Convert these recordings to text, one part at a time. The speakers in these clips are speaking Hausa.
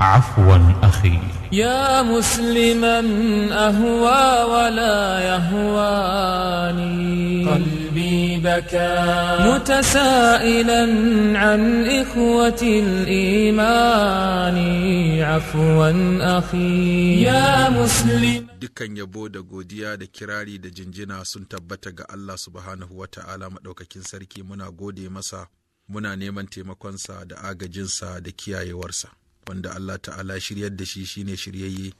عفوا أخي يا مسلما أهوى ولا يهواني قلبي بكى متسائلا عن إخوة الإيمان عفوا أخي يا مسلم dukkan yabo da godiya da kirari da jinjina sun tabbata ga Allah subhanahu wa ta'ala maɗaukakin sarki muna gode masa muna neman taimakonsa da agajinsa da kiyayewarsa wanda Allah ta'ala shiryar da shi shine shiryayye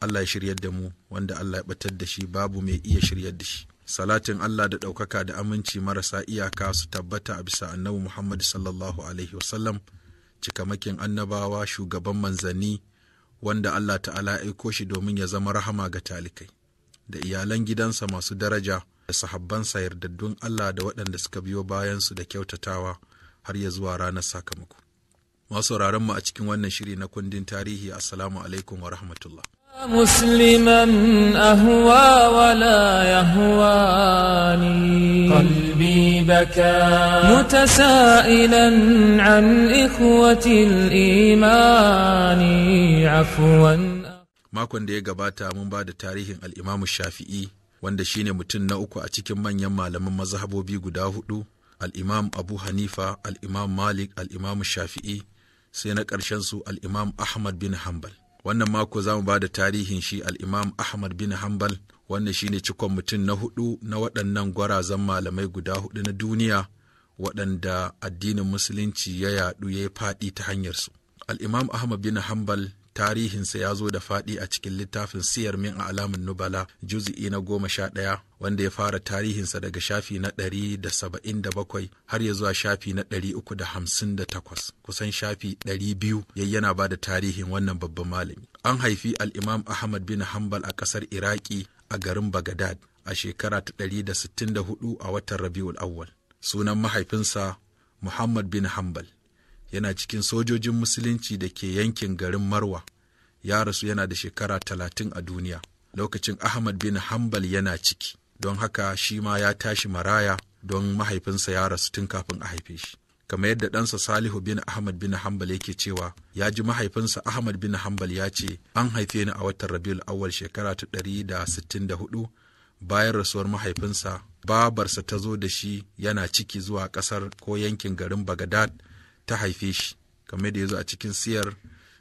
Allah ya shiryar da mu wanda Allah ya batar da shi babu mai iya shiryar da shi salatin Allah da ɗaukaka da aminci marasa iyaka su tabbata a bisa annabi Muhammad sallallahu alaihi wasallam cikamakin annabawa shugaban manzanni wanda Allah ta'ala ya aiko shi domin ya zama rahama ga talikai da iyalan gidansa masu daraja da sahabbansa yardaddun Allah da waɗanda suka biyo bayansu da kyautatawa har ya zuwa ranar sakamako masu mu a cikin wannan shiri na kundin tarihi assalamu alaikum wa rahmatullah musliman أهوى ولا يهواني قلبي بكى متسائلا عن إخوة الإيمان afwan makon da ya gabata mun ba da tarihin al'imamu shafi'i wanda shine mutum na uku a cikin manyan malaman mazhabobi guda hudu imam abu hanifa al imam malik al al-imam shafi'i sai na ƙarshen su al'imam Ahmad bin hambal Wannan mako za mu ba da tarihin shi al'imam Ahmad bin hambal wanda shi ne cikon mutum na hudu na waɗannan gwarazan malamai guda hudu na duniya waɗanda addinin Musulunci ya yaɗu ya yi faɗi ta hanyar hanyarsu. Al'imam Ahmad bin hambal. tarihinsa ya zo da faɗi a cikin littafin siyar min a alamun nubala juzi'i na goma sha ɗaya wanda ya fara tarihinsa daga shafi na ɗari da saba'in da bakwai har ya zuwa shafi na ɗari uku da hamsin da takwas kusan shafi ɗari biyu yana ba da tarihin wannan babban malami an haifi al'imam ahmad bin hambal a ƙasar iraki a garin bagadad a shekara ta ɗari da sittin da hudu a watan rabiul awwal sunan mahaifinsa muhammad bin hambal yana cikin sojojin musulunci da ke yankin garin marwa ya rasu yana da shekara talatin a duniya lokacin ahmad bin hambal yana ciki don haka shi ma ya tashi maraya don mahaifinsa ya rasu tun kafin a haife shi kamar yadda ɗansa salihu bin ahmad bin hambal yake cewa ya ji mahaifinsa ahmad bin hambal ya ce an haife ni a watan rabiul awwal shekara ta ɗari da sittin da hudu bayan rasuwar mahaifinsa babarsa ta zo da shi yana ciki zuwa ƙasar ko yankin garin bagadad ta haife shi kamar da ya zo a cikin siyar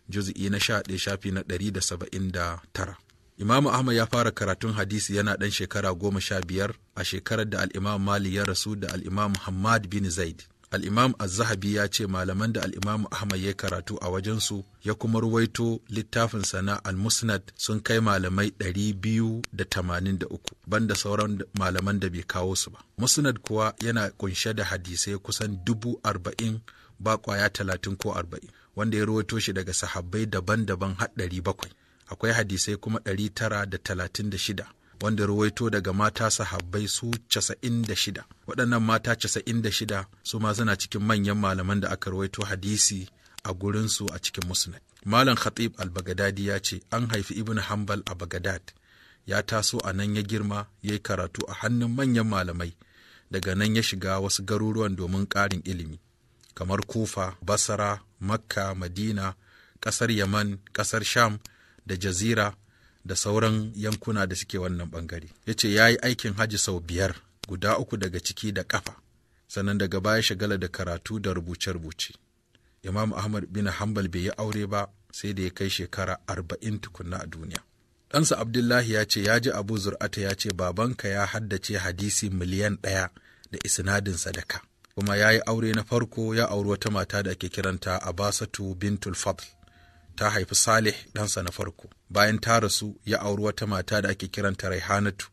juzi'i na sha ɗaya shafi na ɗari da saba'in da tara imamu ahmad ya fara karatun hadisi yana ɗan shekara goma sha biyar a shekarar da al'imam mali ya rasu da al'imam hamad bin zaid al'imam az-zahabi ya ce malaman da al'imam ahmad ya karatu a wajensu ya kuma ruwaito littafin sana al-musnad sun kai malamai ɗari biyu da da tamanin uku, banda sauran malaman da bai kawo su ba musnad kuwa yana kunshe da hadisai kusan dubu arba'in ba kwaya talatin ko arba'in wanda ya rawaito shi daga sahabbai daban-daban har ɗari bakwai akwai hadisai kuma ɗari tara da talatin da shida wanda rawaito daga mata sahabbai su casa'in da shida waɗannan mata casa'in da shida su ma suna cikin manyan malaman da aka rawaito hadisi a gurinsu a cikin musnad malam khatib al-bagadadi ya ce an haifi ibn Hambal a bagadad ya taso a nan ya girma ya yi karatu a hannun manyan malamai daga nan ya shiga wasu garuruwan domin ƙarin ilimi kamar kufa basara makka madina ƙasar yaman ƙasar sham da jazira da sauran yankuna da suke wannan ɓangare ya ce ya yi aikin hajji sau biyar guda uku daga ciki da ƙafa sannan daga baya shagala da karatu da rubuce-rubuce imam ahmad bin hanbal bai yi aure ba sai da ya kai shekara arba'in tukunna a duniya ɗansa abdullahi ya ce ya ji abu zur'ata ya ce babanka ya haddace hadisi miliyan ɗaya da isnadin sadaka kuma ya yi aure na farko ya auri wata mata da ake kiranta a basatu bintul Fadl ta haifi Salih ɗansa na farko bayan ta rasu ya auri wata mata da ake kiranta Raihanatu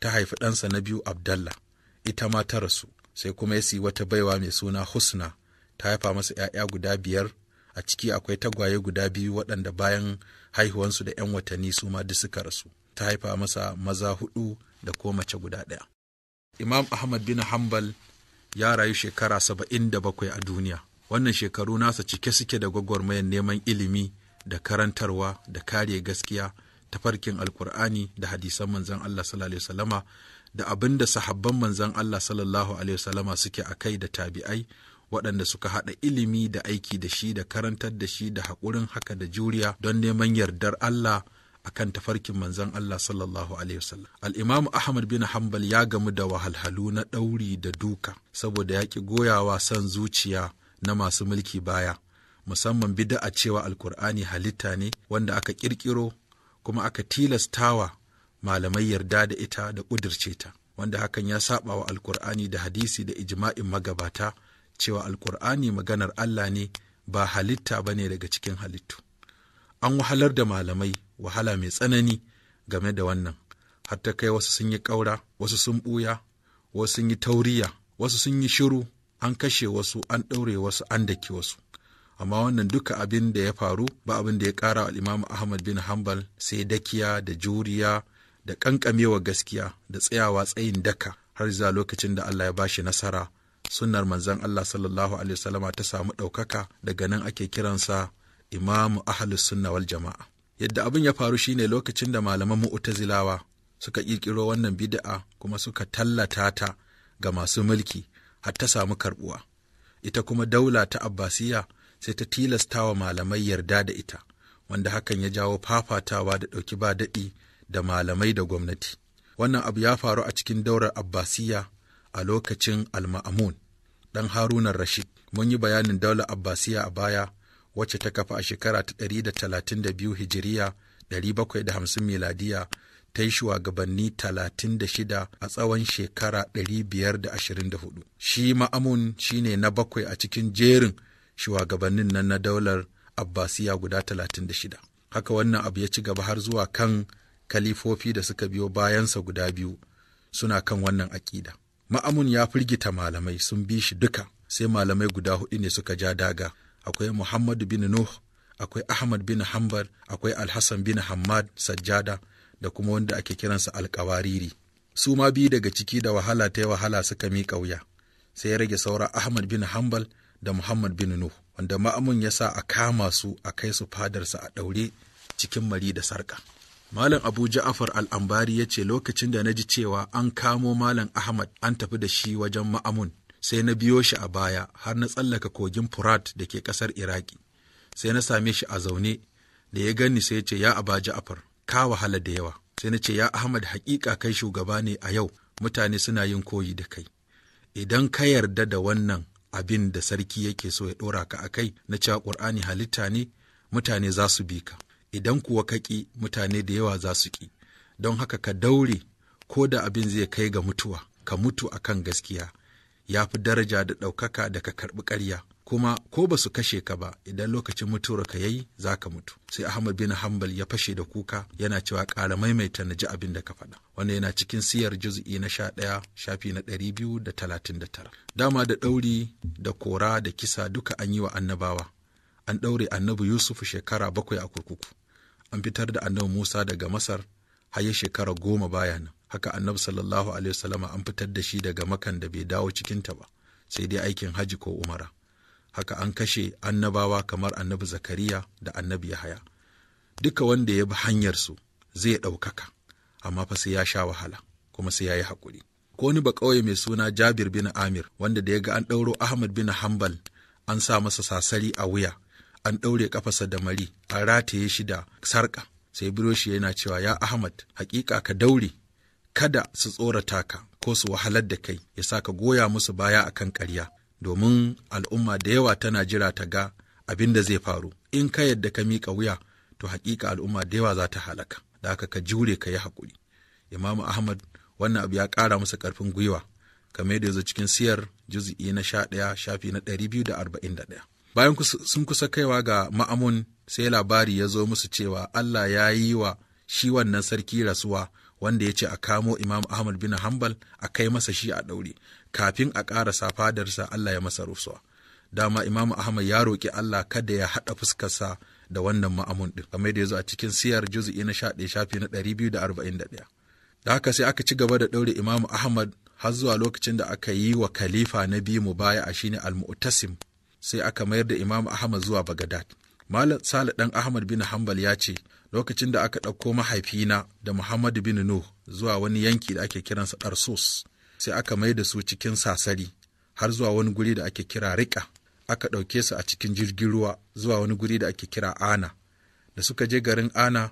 ta haifi ɗansa na biyu Abdallah ita ma ta rasu sai kuma ya siyi wata baiwa mai suna Husna ta haifa masa ‘ya'ya guda biyar a ciki akwai tagwaye guda biyu waɗanda bayan haihuwansu da ‘yan watanni su ma duk suka rasu ta haifa masa maza huɗu da ko mace guda ɗaya. Imam Ahmad bin hambal. ya rayu shekara saba'in da bakwai a duniya wannan shekaru nasa cike suke da gwagwarmayar neman ilimi da karantarwa da kare gaskiya ta farkin alkur'ani da hadisan manzon Allah sallallahu da abin da sahabban manzon Allah sallallahu alaihi wasallama suke kai da tabi'ai waɗanda suka haɗa ilimi da aiki da shi da karantar da shi da haƙurin haka da juriya don neman yardar Allah a kan tafarkin manzon Allah sallallahu alaihi wasallam al Ahmad bin Hanbal ya gamu da wahalhalu na ɗauri da duka saboda ya goya goyawa son zuciya na masu mulki baya musamman bid'a cewa alkur'ani halitta ne wanda aka ƙirƙiro kuma aka tilastawa malamai yarda da ita da ƙudurceta. ta wanda hakan ya saba wa alkur'ani da hadisi da ijma'in magabata cewa alkur'ani maganar Allah ne ba halitta ba ne daga cikin halittu an wahalar da malamai wahala mai tsanani game da wannan har ta kai wasu sun yi ƙaura wasu sun ɓuya wasu sun yi tauriya wasu sun yi shiru an kashe wasu an ɗaure wasu an daki wasu amma wannan duka abin da ya faru ba abin da ya ƙara wa imamu ahmad bin hambal sai dakiya da juriya da ƙanƙamewa gaskiya da tsayawa tsayin daka har zuwa lokacin da allah ya ba shi nasara sunnar manzon allah sallallahu alaihi wasallama ta samu ɗaukaka daga nan ake kiransa imamu ahlus sunna wal jama'a yadda abin ya faru shine lokacin da malaman mu'tazilawa suka kirkiro wannan bid'a kuma suka tallata ta ga masu mulki har ta samu karbuwa ita kuma daula ta abbasiya sai ta tilastawa malamai yarda da ita wanda hakan ya jawo fafatawa da ɗauki ba daɗi da malamai da gwamnati wannan abu ya faru a cikin daular abbasiya a lokacin alma'amun ɗan harunan rashid mun yi bayanin daular abbasiya a baya wacce ta kafa a shekara ta 132 hijiriya da hamsin miladiya ta yi shugabanni talatin da shida a tsawon shekara ɗari biyar da hudu? shi ma'amun shine na bakwai a cikin jerin shugabannin nan na daular abbasiya guda talatin da shida. haka wannan abu ya ci gaba har zuwa kan kalifofi da suka biyo bayansa guda biyu suna kan wannan aƙida ma'amun ya firgita malamai sun bi shi duka sai malamai guda hudu ne suka ja daga akwai muhammadu bin nuh akwai ahmad bin hanbal akwai alhassan bin hammad sajjada da kuma wanda ake kiransa alkawariri su ma biyu daga ciki da wahala ta yi wahala suka miƙa wuya sai ya rage saura ahmad bin hanbal da muhammad bin nuh wanda ma'amun ya sa a kama su a kai su fadarsa a ɗaure cikin mari da sarka. Malam Abu Ja'afar Al'ambari ya ce lokacin da na ji cewa an kamo Malam Ahmad an tafi da shi wajen ma'amun, sai na biyo shi a baya har na tsallaka kogin Furat da ke ƙasar Iraki, sai na same shi a zaune da ya gani sai ce ya aba Ja'far ka wahala da yawa, sai na ce ya Ahmad haƙiƙa kai shugaba ne a yau mutane suna yin koyi da kai. Idan ka yarda da wannan abin da sarki yake so ya ɗora ka a kai na cewa ƙur'ani halitta ne mutane za su bi ka, idan kuwa ka ƙi mutane da yawa za su ƙi, don haka ka daure ko da abin zai kai ga mutuwa, ka mutu akan gaskiya. ya fi daraja da ɗaukaka da ka karɓi ƙarya kuma ko ba su kashe ka ba idan lokacin mutuwar ka yayi za ka mutu sai ahmad bin hanbal ya fashe da kuka yana cewa ƙara maimaita na ji abin da ka faɗa wanda yana cikin siyar juz'i na sha ɗaya shafi na ɗari biyu da talatin da tara dama da ɗauri da kora da kisa duka an yi wa annabawa an ɗaure annabi yusuf shekara bakwai a kurkuku an fitar da annabi musa daga masar har shekara goma baya nan haka annabi sallallahu alaihi wasallama an fitar da shi daga makan da bai dawo cikinta ba sai dai aikin haji ko umara haka an kashe annabawa kamar annabi zakariya da annabi yahaya duka wanda ya bi hanyar su zai ɗaukaka amma fa sai ya sha wahala kuma sai ya yi haƙuri ko ba ƙauye mai suna jabir bin amir wanda da ya ga an ɗauro ahmad bin hambal an sa masa sasari a wuya an ɗaure ƙafasa da mari an rataye shi da sarƙa sai biroshi yana cewa ya ahmad hakika ka daure kada su tsorata ka ko su wahalar da kai ya sa ka goya musu baya a kan ƙarya domin al'umma da yawa tana jira ta ga abin da zai faru in ka yadda ka miƙa wuya to hakika al'umma da yawa za ta halaka da haka ka jure ka yi haƙuri imamu ahmad wannan abu ya ƙara masa ƙarfin gwiwa kamar da yanzu cikin siyar juzi'i na sha ɗaya shafi na ɗari biyu da arba'in da ɗaya bayan sun kusa kaiwa ga ma'amun sai labari ya zo musu cewa Allah ya yi wa shi wannan sarki rasuwa wanda ya ce a kamo Imam Ahmad bin Hanbal a kai masa shi a ɗaure kafin a sa fadarsa Allah ya masa rusuwa. Dama Imam Ahmad ya roƙi Allah kada ya haɗa fuskarsa da wannan ma'amun ɗin kamar da ya zo a cikin siyar juzu'i na sha ɗaya shafi na ɗari biyu da arba'in da ɗaya. Da haka sai aka ci gaba da ɗaure Imam Ahmad har zuwa lokacin da aka yi wa khalifa na biyu mu baya a shine al-mu'tasim sai aka mayar da Imam Ahmad zuwa Bagadad. Malam Sale ɗan Ahmad bin Hambal ya ce, lokacin da aka ɗauko mahaifina da Muhammadu bin Nuh zuwa wani yanki da ake kiransa Tarsus, sai aka mai da su cikin sasari har zuwa wani guri da ake kira Riƙa. Aka ɗauke su a cikin jirgin ruwa zuwa wani guri da ake kira Ana. Da suka je garin Ana,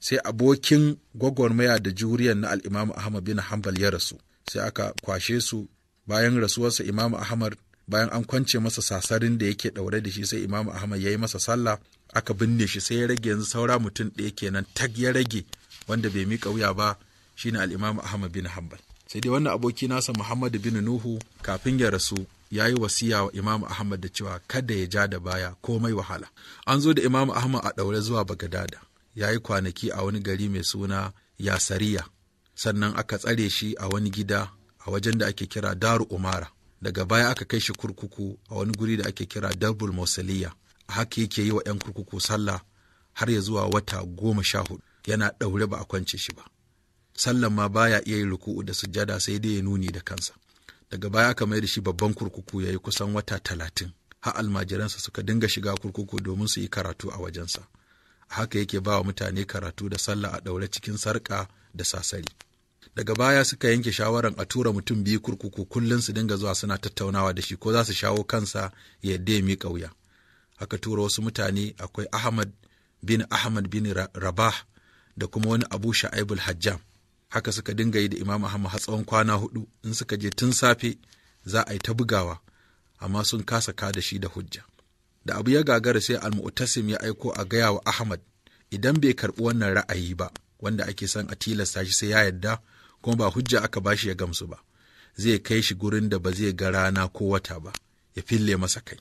sai abokin gwagwarmaya da juriyar na al'imamu Ahmad bin Hambal ya rasu, sai aka kwashe su bayan rasuwarsa Imam Ahmad bayan an kwance masa sasarin da yake ɗaure da shi sai imamu ahmad ya yi masa sallah aka binne shi sai ya rage yanzu saura mutum ɗaya kenan tag ya rage wanda bai mika wuya ba shine al'imamu ahmad bin hanbal sai dai wannan aboki nasa muhammadu bin nuhu kafin ya rasu ya yi wasiya wa imamu ahmad da cewa kada ya ja da baya komai wahala an zo da imamu ahmad a ɗaure zuwa bagadada ya yi kwanaki a wani gari mai suna yasariya sannan aka tsare shi a wani gida a wajen da ake kira daru umara daga baya aka kai shi kurkuku a wani guri da ake kira darbul mausaliya haka yake yi wa 'yan kurkuku sallah har ya zuwa wata goma sha hudu yana ɗaure ba a kwance shi ba sallan ma baya iya yin ruku'u da sujada sai dai ya nuni da kansa daga baya aka mai da shi babban kurkuku ya yi kusan wata talatin har almajiransa suka dinga shiga kurkuku domin su yi karatu a wajensa haka yake ba wa mutane karatu da sallah a ɗaure cikin sarƙa da sasari daga baya suka yanke shawaran a tura mutum biyu kurkuku kullum su dinga zuwa suna tattaunawa da shi ko za su shawo kansa ya yadda ya miƙa wuya aka tura wasu mutane akwai ahmad bin ahmad bin rabah da kuma wani abu sha'ibul hajjam haka suka dinga yi da imam ahmad har tsawon kwana hudu in suka je tun safe za a yi ta bugawa amma sun kasa kada shi da hujja da abu ya gagara sai almu'tasim ya aiko a gaya wa ahmad idan bai karɓi wannan ra'ayi ba wanda ake son a tilasta shi sai ya yadda. kuma ba hujja aka bashi ya gamsu ba zai kai shi gurin da ba zai ga rana ko wata ba ya fille masa kai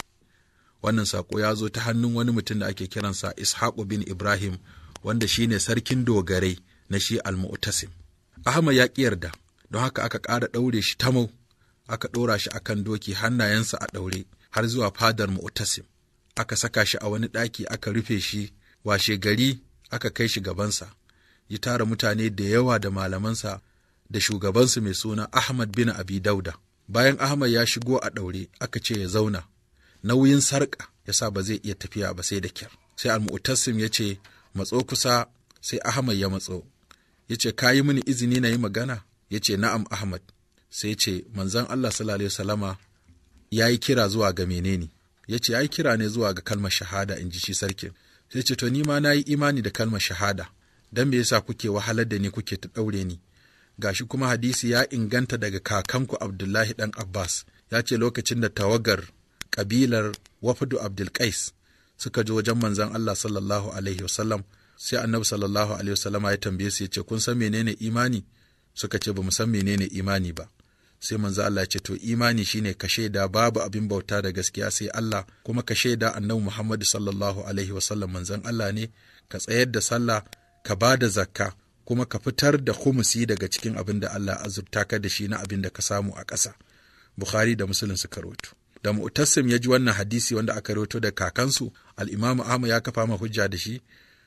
wannan saƙo ya zo ta hannun wani mutum da ake kiransa ishaqu bin ibrahim wanda shine sarkin dogarai na shi almu'tasim ahmad ya ƙi yarda don haka aka ƙara ɗaure shi tamau aka ɗora shi akan doki hannayensa a ɗaure har zuwa fadar mu'tasim aka saka shi a wani ɗaki aka rufe shi washe gari aka kai shi gabansa ya tara mutane da yawa da malamansa da shugabansu mai suna Ahmad bin Abi Dauda. Bayan Ahmad ya shigo a ɗaure aka ce ya zauna, nauyin sarƙa ya sa ba zai iya tafiya ba sai da kyar. Sai al ya ce, matso kusa sai Ahmad ya matso. Ya ce, ka yi mini izini na yi magana? Ya ce, na'am Ahmad. Sai ce, manzon Allah sallallahu alaihi ya yi kira zuwa ga menene? Ya ce, ya kira ne zuwa ga kalmar shahada in ji shi sarkin. Sai ce, to ni ma na yi imani da kalmar shahada. Dan me yasa kuke wahalar da ni kuke ta ɗaure ni? Ga shi kuma hadisi ya inganta daga kakanku Abdullahi ɗan Abbas, ya ce lokacin da tawagar ƙabilar Wafudu Abdulkais suka ji wajen manzan Allah sallallahu Alaihi wasallam sai annabi sallallahu Alaihi wasallam ya tambaye su ya ce kun san menene imani suka ce ba mu san menene imani ba sai manzo Allah ya ce to imani shine ka shaida babu abin bauta da gaskiya sai Allah kuma ka shaida annabi Muhammad sallallahu alaihi wasallam manzon Allah ne ka tsayar da sallah ka ba da zakka kuma ka fitar da humusi daga cikin abin da Allah azurta ka da shi na abin da ka samu a ƙasa Bukhari da Musulun suka rawaito da Mu'tasim ya ji wannan hadisi wanda aka rawaito da kakansu al Ahmad ya kafa ma hujja da shi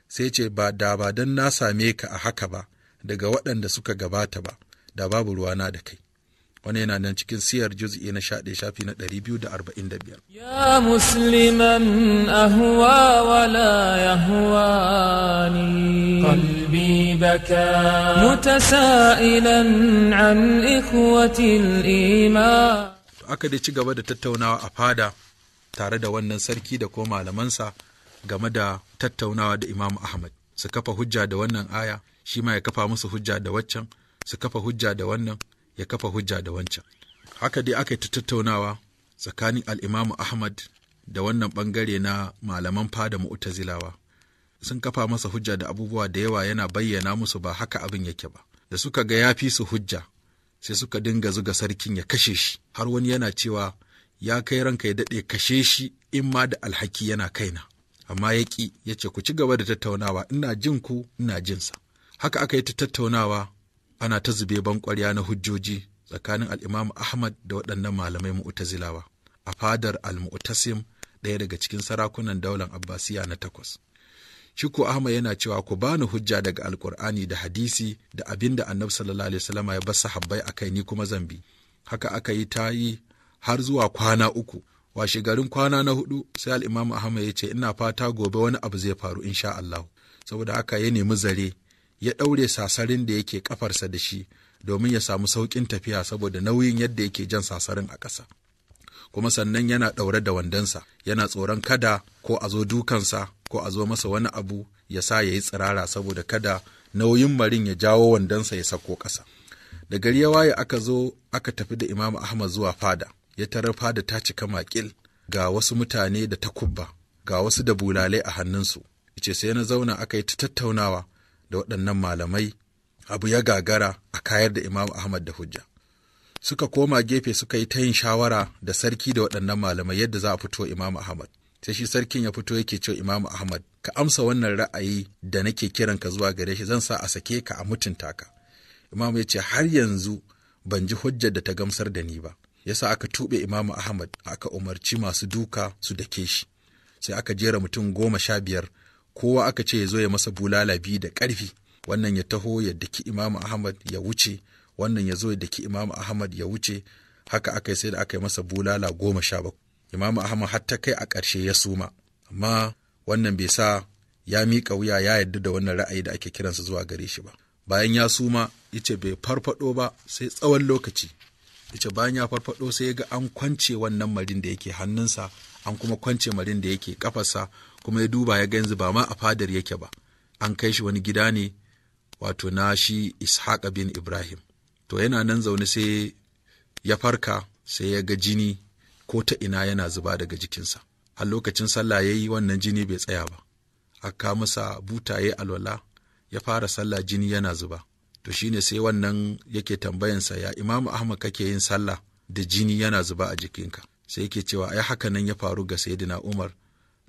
sai ce ba da ba don na same ka a haka ba daga waɗanda suka gabata ba da babu ruwana da kai wani yana nan cikin siyar juz'i na shaɗe shafi na ɗari biyu da da arba'in biyar. ya musliman ahuwa wa la ni kalbi baka mutasailan an ikhwati ima. iman aka dai ci gaba da tattaunawa a fada tare da wannan sarki da ko malamansa game da tattaunawa da Imam Ahmad su kafa hujja da wannan aya shi ma ya kafa musu hujja da waccan su kafa hujja da wannan ya kafa hujja da wancan haka dai aka yi ta tattaunawa tsakanin al'imamu ahmad da wannan ɓangare na malaman fada mu'tazilawa sun kafa masa hujja da abubuwa da yawa yana bayyana musu ba haka abin yake ba da suka ga ya fi su hujja sai suka dinga zuga sarkin ya kashe shi har wani yana cewa ya kai ranka ya daɗe kashe shi in ma da alhaki yana kaina amma ya ƙi ya ce ku ci gaba da tattaunawa ina jin ku ina jinsa haka aka yi ta tattaunawa ana ta zube ban na hujjoji tsakanin al'imamu Ahmad da waɗannan malamai mu'tazilawa a fadar al-mu'tasim ɗaya daga cikin sarakunan daular Abbasiya na takwas. Shiku Ahmad yana cewa ku bani hujja daga Alƙur'ani da hadisi da abin da Annabi sallallahu alaihi wasallam ya bar sahabbai akai ni kuma zan bi. Haka aka yi ta yi har zuwa kwana uku. Washe garin kwana na hudu sai al'imamu Ahmad ya ce ina fata gobe wani abu zai faru insha Allah. Saboda haka ya nemi zare ya ɗaure sasarin da yake ƙafarsa da shi domin ya samu sauƙin tafiya saboda nauyin yadda yake jan sasarin a ƙasa. Kuma sannan yana ɗaure da wandonsa, yana tsoron kada ko a zo dukansa ko a zo masa wani abu ya sa ya yi tsirara saboda kada nauyin marin ya jawo wandonsa ya sako ƙasa. Da gari ya waye aka zo aka tafi da Imam Ahmad zuwa fada, ya tarar fada ta cika maƙil ga wasu mutane da takubba, ga wasu da bulalai a hannunsu. Ice sai na zauna aka yi ta tattaunawa da waɗannan malamai abu ya gagara a kayar da Imam Ahmad da hujja. Suka koma gefe suka yi ta yin shawara da sarki da waɗannan malamai yadda za a fito Imam Ahmad. Sai shi sarkin ya fito yake cewa Imam Ahmad, ka amsa wannan ra'ayi da nake kiran ka zuwa gare shi zan sa a sake ka a mutunta ka. Imam ya ce har yanzu ban ji hujjar da ta gamsar da ni ba. Yasa aka tuɓe Imam Ahmad aka umarci masu duka su dake shi. Sai aka jera mutum goma sha biyar kowa aka ce ya zo ya masa bulala biyu da ƙarfi wannan ya taho ya daki imamu ahmad ya wuce wannan ya zo ya daki imamu ahmad ya wuce haka aka yi sai da aka yi masa bulala goma sha bakwai imamu ahmad har ta kai a ƙarshe ya suma amma wannan bai sa ya miƙa wuya ya yarda da wannan ra'ayi da ake kiransa zuwa gare shi ba bayan ya suma ya ce bai farfaɗo ba sai tsawon lokaci ya ce bayan ya farfaɗo sai ya ga an kwance wannan marin da yake hannunsa an kuma kwance marin da yake ƙafarsa. kuma ya duba ya yanzu ba ma a fadar yake ba an kai shi wani gida ne wato na shi ishaq bin ibrahim to yana nan zaune sai ya farka sai ya ga jini ko ta ina yana zuba daga jikinsa a lokacin sallah ya yi wannan jini bai tsaya ba aka masa butaye alwala ya fara sallah jini yana zuba to shine sai wannan yake tambayansa ya imamu ahmad kake yin sallah da jini yana zuba a jikinka sai yake cewa ai haka nan ya faru ga sayyidina umar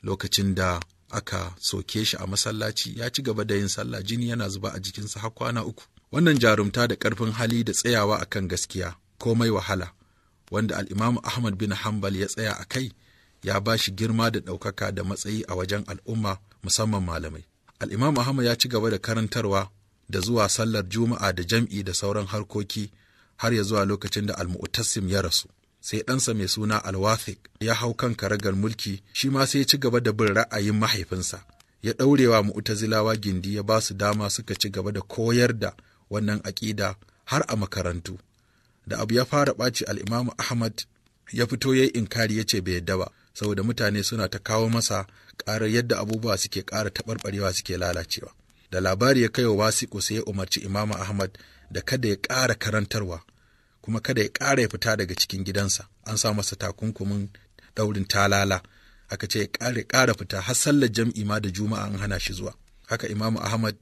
lokacin da aka soke shi a masallaci ya ci gaba da yin sallah jini yana zuba a jikinsa har kwana uku wannan jarumta da ƙarfin hali da tsayawa akan gaskiya komai wahala wanda al'imamu ahmad bin hanbal ya tsaya a kai ya ba shi girma da ɗaukaka da matsayi a wajen al'umma musamman malamai al'imamu ahmad ya ci gaba da karantarwa da zuwa sallar juma'a da jam'i da sauran harkoki har ya zuwa lokacin da almu'tasim ya rasu sai ɗansa mai suna alwathik ya hau kan karagar mulki shi ma sai ya ci gaba da bin ra'ayin mahaifinsa ya ɗaurewa mu'tazilawa gindi ya ba su dama suka ci gaba da koyar da wannan aƙida har a makarantu da abu ya fara ɓaci al'imamu ahmad ya fito ya yi inkari ya ce bai yadda ba saboda mutane suna ta kawo masa ƙarar yadda abubuwa suke ƙara taɓarɓarewa suke lalacewa da labari ya kai wa wasiƙu sai ya umarci imamu ahmad da kada ya ƙara karantarwa kuma kada ya ƙara ya fita daga cikin gidansa an sa masa takunkumin ɗaurin talala aka ce ya ƙara fita har sallar jam'i ma da juma'a an hana shi zuwa haka imamu ahmad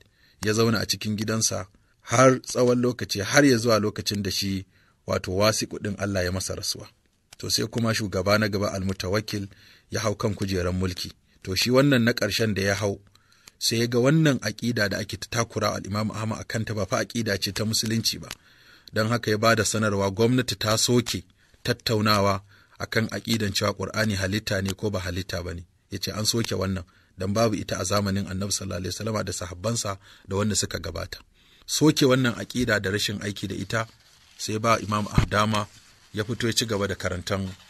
ya zauna a cikin gidansa har tsawon lokaci har ya zuwa lokacin da shi wato wasi kuɗin Allah ya masa rasuwa to sai kuma shugaba na gaba almutawakil ya hau kan kujeran mulki to shi wannan na ƙarshen da ya hau sai ya ga wannan aƙida da ake ta takura al'imamu Ahmad a ta ba fa aƙida ce ta musulunci ba don haka ya ba da sanarwa gwamnati ta soke tattaunawa akan aƙidan cewa ƙur'ani halitta ne ko ba halitta ba ne ya ce an soke wannan don babu ita a zamanin annabi sallallahu alaihi wasallama da sahabbansa da wanda suka gabata soke wannan aƙida da rashin aiki da ita sai ba imam dama ya fito ya ci gaba da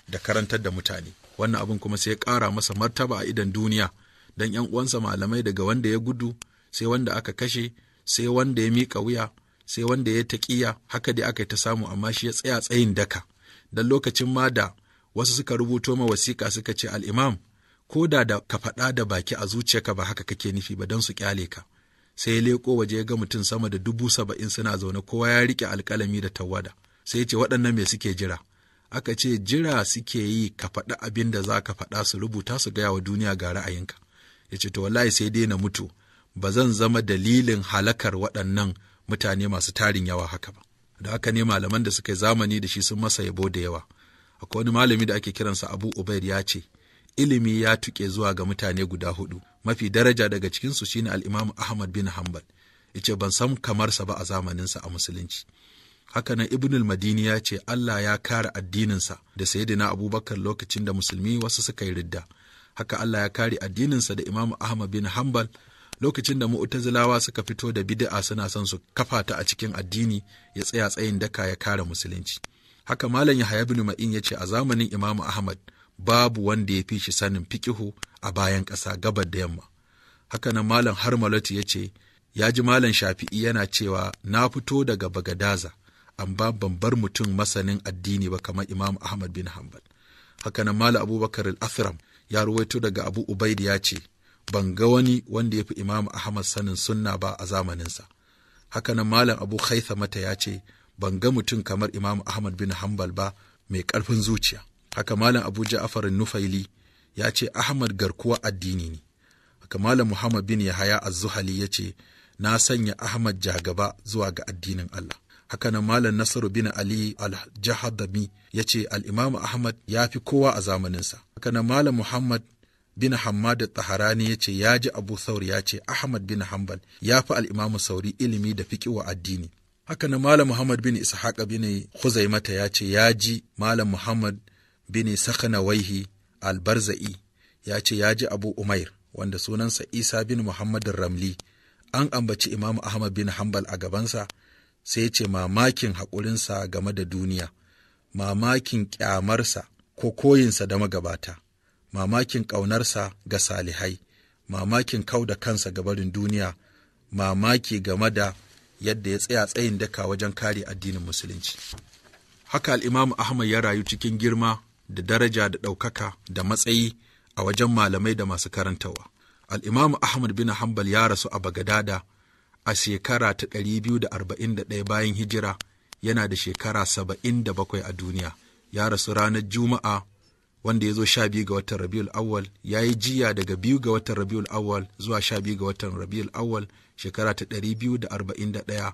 da karantar da mutane wannan abin kuma sai ya kara masa martaba a idan duniya don 'yan uwansa malamai daga wanda ya gudu sai wanda aka kashe sai wanda ya mika wuya sai wanda ya taƙiya haka dai aka yi ta samu amma shi ya tsaya tsayin daka dan lokacin ma da wasu suka rubuto ma wasiƙa suka ce al'imam ko da da ka faɗa da baki a zuciyarka ba haka kake nufi ba don su ƙyale ka sai ya leƙo waje ya ga mutum sama da dubu saba'in suna zaune kowa ya riƙe alƙalami da tawada sai ya ce waɗannan me suke jira aka ce jira suke yi ka faɗi abin da za ka faɗa su rubuta su gaya wa duniya ga ra'ayinka ya ce to wallahi sai dai na mutu ba zan zama dalilin halakar waɗannan mutane masu tarin yawa haka ba da haka ne malaman da suka yi zamani da shi sun masa yabo da yawa akwai wani malami da ake kiransa abu Ubaid ya ce ilimi ya tuke zuwa ga mutane guda hudu mafi daraja daga cikinsu shine al'imamu ahmad bin hanbal ce ban san kamarsa ba a zamaninsa a musulunci haka nan ibnul madini ya ce allah ya kare addininsa da sayyidina abubakar lokacin da musulmi wasu suka yi ridda haka allah ya kare addininsa da imamu ahmad bin hanbal lokacin da mu'tazilawa suka fito da bid'a suna son su kafa ta a cikin addini ya tsaya tsayin daka ya kare musulunci haka malam yahya ibn ma'in ya ce a zamanin imamu ahmad babu wanda ya fi shi sanin fiqihu a bayan ƙasa gabar da yamma haka nan malam harmalati yace ya ji malam shafi'i yana cewa na fito daga bagadaza amma ban bar mutum masanin addini ba kamar imam ahmad bin hanbal haka nan malam abubakar al-athram ya ruwaito daga abu ubaid ya ce ban ga wani wanda ya fi Imam Ahmad sanin sunna ba a zamaninsa. Hakanan Malam Abu Haitha mata ya ce, ban ga mutum kamar Imam Ahmad bin Hambal ba mai karfin zuciya. Haka Malam Abu ja'afar Nufaili ya ce Ahmad garkuwa addini ne. Haka Malam Muhammad bin Yahaya Az-Zuhali ya ce, na sanya Ahmad jagaba zuwa ga addinin Allah. Hakanan Malam nasaru bin Ali al-Jahadami ya ce al al-imamu Ahmad ya fi kowa a zamaninsa. Hakanan Malam Muhammad bin Hammad Tsaharani ya ce ya ji Abu Saur ya ce Ahmad bin Hanbal ya fi al'imamu Sauri ilimi da fiƙi wa addini. Haka na Malam Muhammad bin Ishaq bin Huzaimata ya ce ya ji Malam Muhammad bin Waihi Albarza'i ya ce ya ji Abu Umair wanda sunansa Isa bin Muhammad Ramli an ambaci Imam Ahmad bin Hanbal a gabansa sai ya ce mamakin haƙurinsa game da duniya, mamakin ƙyamarsa ko koyinsa da magabata. mamakin ƙaunarsa ga salihai, mamakin kau da kansa ga barin duniya, mamaki game da yadda ya tsaya tsayin daka wajen kare addinin musulunci. Haka al'imamu Ahmad ya rayu cikin girma da daraja da ɗaukaka da matsayi a wajen malamai da masu karantawa. Al'imamu Ahmad bin Hanbal ya rasu a Bagadada a shekara ta biyu da da arba'in ɗaya bayan hijira yana da shekara saba'in da bakwai a duniya. Ya rasu ranar Juma'a wanda ya zo sha biyu ga watan rabiul awwal ya yi jiya daga biyu ga watan rabiul awwal zuwa sha biyu ga watan rabiul awwal shekara ta ɗari biyu da arba'in da ɗaya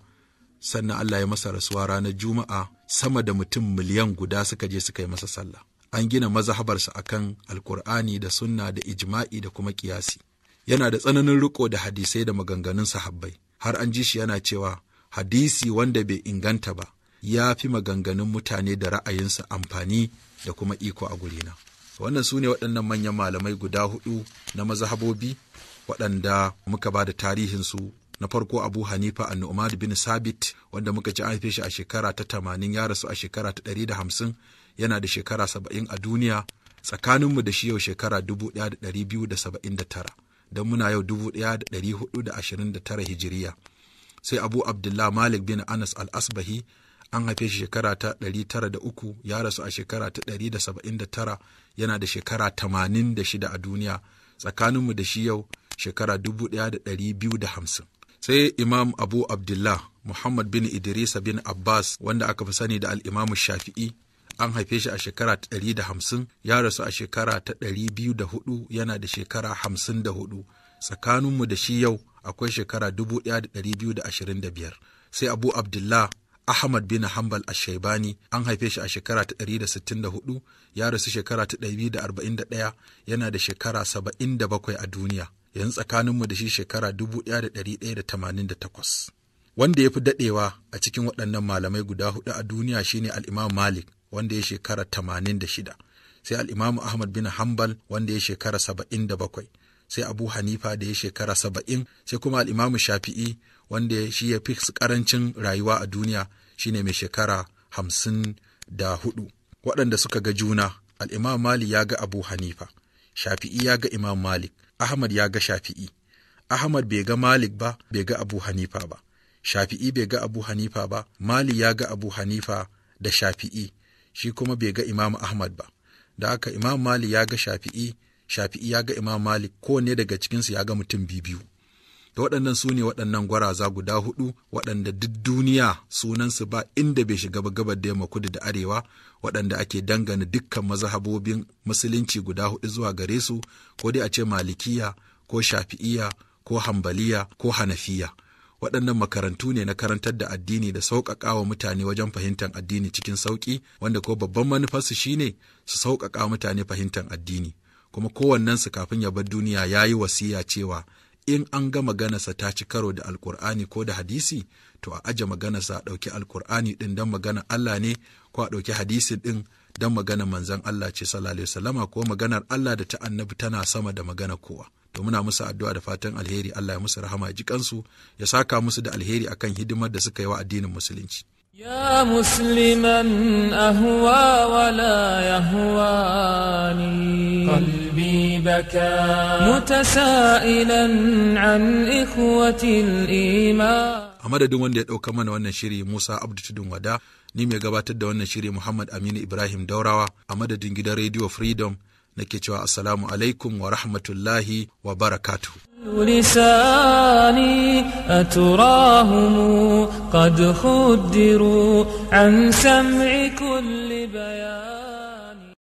sannan Allah ya masa rasuwa ranar juma'a sama da mutum miliyan guda suka je suka yi masa sallah an gina mazahabarsa akan alkur'ani da sunna da ijma'i da kuma kiyasi yana da tsananin riko da hadisai da maganganun sahabbai har an ji shi yana cewa hadisi wanda bai inganta ba ya fi maganganun mutane da ra'ayinsa amfani da kuma iko a gurina wannan su ne waɗannan manyan malamai guda hudu na mazhabobi waɗanda muka ba da tarihinsu na farko abu hanifa an umar bin sabit wanda muka ci haife shi a shekara ta tamanin ya rasu a shekara ta ɗari da hamsin yana da shekara saba'in a duniya tsakaninmu da shi yau shekara dubu ɗaya da ɗari biyu da saba'in da tara don muna yau dubu ɗaya da ɗari hudu da ashirin da tara hijiriya sai abu abdullah malik bin anas al-asbahi an haife shi shekara ta da uku ya rasu a shekara ta da tara, yana da shekara da shida a duniya tsakaninmu da shi yau shekara da hamsin. sai imam abu abdullah muhammad bin Idris bin abbas wanda aka fi sani da al'imamu shafi'i an haife shi a shekara ta 150 ya rasu a shekara ta da 204 yana da shekara hamsin da 54 tsakaninmu da shi yau akwai shekara da biyar. sai abu abdullah Ahmad bin Hanbal Ashaibani an haife shi a shekara ta 164 ya rasu shekara ta 241 yana da shekara 77 a duniya yanzu tsakaninmu da shi shekara 1188 wanda ya fi daɗewa a cikin waɗannan malamai guda hudu a duniya shine al'imam Malik wanda ya shekara 86 sai al'imam Ahmad bin Hanbal wanda ya shekara 77 sai Abu Hanifa da ya shekara saba'in sai kuma al'imamu Shafi'i wanda shi ya fi karancin rayuwa a duniya shine mai shekara hamsin da hudu waɗanda suka ga juna al'imam mali ya ga abu hanifa shafi'i ya ga imam malik ahmad ya ga shafi'i ahmad bai ga malik ba bai ga abu hanifa ba shafi'i bai ga abu hanifa ba mali ya ga abu hanifa da shafi'i shi kuma bai ga imam ahmad ba da haka imam mali ya ga shafi'i shafi'i ya ga imam malik kowanne daga cikinsu ya ga mutum biyu to waɗannan su ne waɗannan gwaraza guda hudu waɗanda duk duniya sunansu ba inda bai shiga ba gabar da kudu da arewa waɗanda ake dangane dukkan mazhabobin musulunci guda hudu zuwa gare su ko dai a ce malikiya ko shafi'iya ko hambaliya ko hanafiya waɗannan makarantu ne na karantar da addini da wa mutane wajen fahimtar addini cikin sauƙi wanda ko babban manufarsu shine su sauƙaƙa mutane fahimtar addini kuma kowannensu kafin ya bar duniya ya yi wasiya cewa in an ga maganarsa ta ci karo da alkur'ani ko da hadisi to a aje maganarsa a ɗauki alkur'ani ɗin don magana Allah ne ko a ɗauki hadisi ɗin don maganar manzan Allah ce sallallahu alaihi ko maganar Allah da ta annabi tana sama da magana kowa to muna musu addu'a da fatan alheri Allah ya musu rahama ya ji kansu ya saka musu da alheri akan hidimar da suka yi wa addinin musulunci يا مسلما أهوى ولا يهواني قلبي بكى متسائلا عن إخوة الإيمان a madadin wanda ya ɗauka mana wannan shiri Musa Abdu Tudun Wada, ni mai gabatar da wannan shiri Muhammad Aminu Ibrahim Daurawa a madadin gidan Radio Freedom nake cewa assalamu alaikum wa rahmatullahi wa barakatu لساني أتراهم قد خدروا عن سمع كل